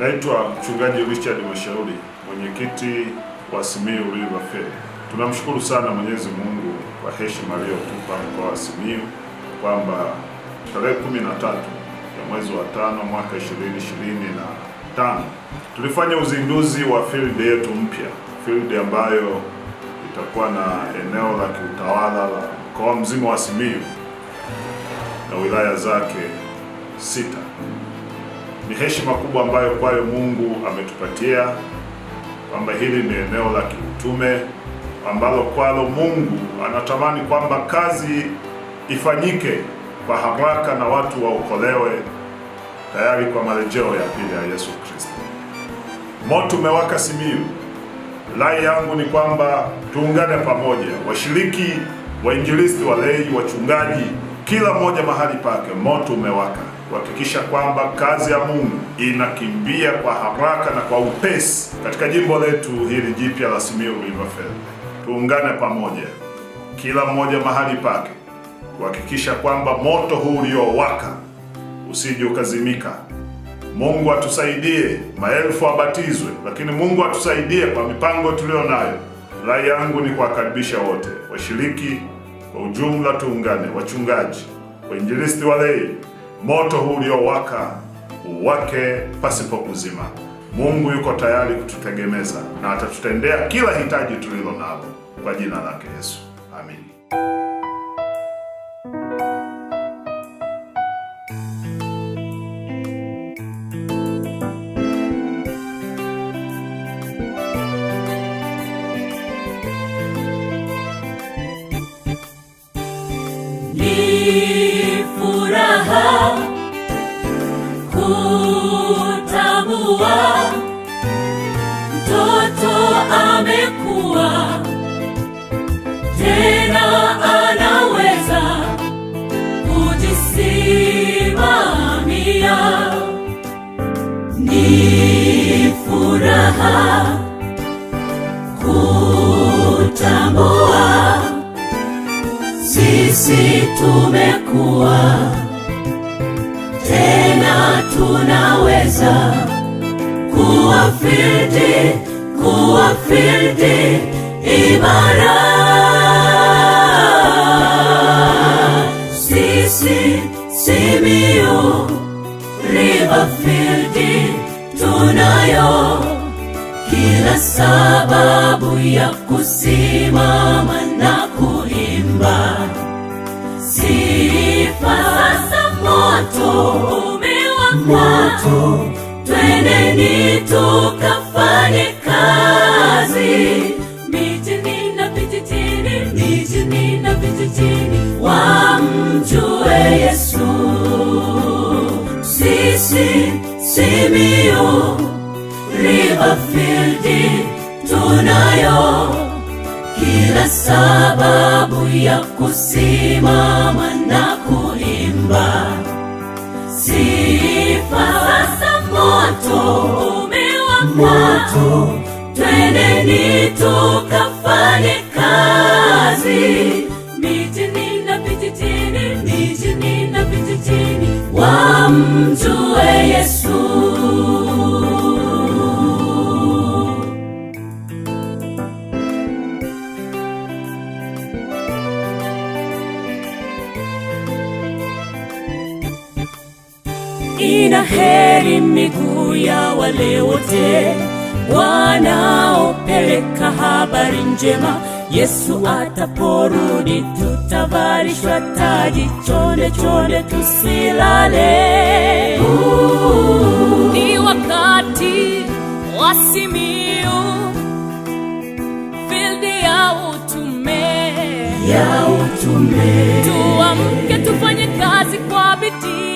Naitwa mchungaji Richard Mashauri, mwenyekiti wa Simiyu River Fair. Tunamshukuru sana Mwenyezi Mungu kwa heshima aliyotupa mkoa wa Simiyu kwamba tarehe 13 ya mwezi wa tano mwaka 2025 tulifanya uzinduzi wa field yetu mpya, field ambayo itakuwa na eneo la kiutawala la mkoa mzima wa Simiyu na wilaya zake sita. Ni heshima kubwa ambayo kwayo Mungu ametupatia kwamba hili ni eneo la kiutume ambalo kwalo Mungu anatamani kwamba kazi ifanyike kwa haraka na watu waokolewe tayari kwa marejeo ya pili ya Yesu Kristo. Moto umewaka Simiyu. Rai yangu ni kwamba tuungane pamoja, washiriki, wainjilisti, walei, wachungaji, kila mmoja mahali pake. Moto umewaka kuhakikisha kwamba kazi ya Mungu inakimbia kwa haraka na kwa upesi katika jimbo letu hili jipya la Simiyu Riverfeld. Tuungane pamoja, kila mmoja mahali pake, kuhakikisha kwamba moto huu uliowaka usije ukazimika. Mungu atusaidie, maelfu abatizwe lakini Mungu atusaidie kwa mipango tuliyo nayo. Rai yangu ni kuwakaribisha wote washiriki kwa ujumla, tuungane wachungaji, wainjilisti, walei moto huu uliowaka uwake pasipo kuzima. Mungu yuko tayari kututegemeza na atatutendea kila hitaji tulilo nalo, kwa jina lake Yesu, amini kutambua mtoto amekuwa, tena anaweza kujisimamia. Ni furaha kutambua sisi tumekuwa tena tunaweza kuwafidi kuwafidi imara sisi Simiyu River Field tunayo kila sababu ya kusimama na kuimba sifa Sasa moto moto, twendeni tukafanye kazi mijini na vijijini, mijini na vijijini, wamjue Yesu. Sisi Simiyu Riverfield tunayo kila sababu ya kusimama na kuimba sifa. Sasa moto umewaka, twendeni tukafanye kazi. Mitini na vijijini, mijini na vijijini, wamjue Yesu. ina heri miguu ya wale wote wanaopeleka habari njema. Yesu ataporudi tutavalishwa taji, chonde chonde tusilale. ni wakati wa Simiyu, fildi ya utume, ya utume. Tuamke tufanye kazi kwa bidii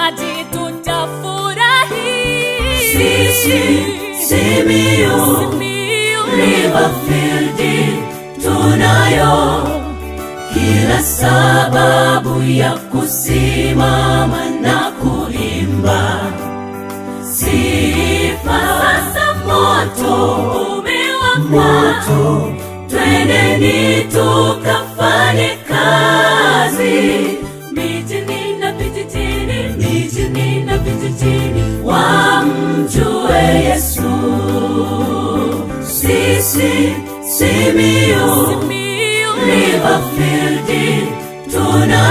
hadi tutafurahi sisi Simiyu River tunayo kila sababu ya kusimama na kuimba sifa. Sasa moto umewaka, twendeni tukafanye kazi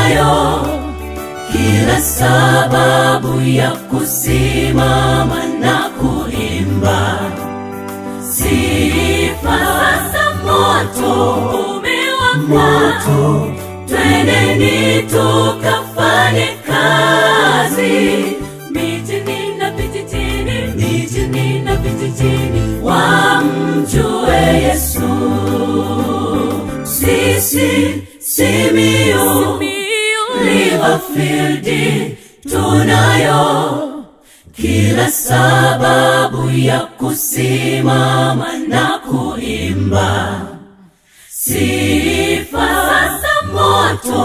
nayo kila sababu ya kusimama na kuimba sifa. Sasa moto umewaka, twende ni tukafanye kazi mijini na vijijini, mijini na vijijini field tunayo kila sababu ya kusimama na kuimba sifa. Sasa moto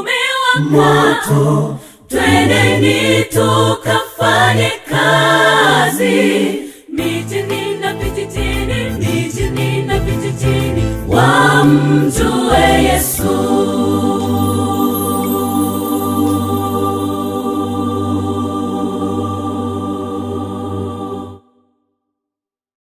umewaka, twendeni tukafanye kazi mijini na vijijini, mijini na vijijini, wamjue Yesu.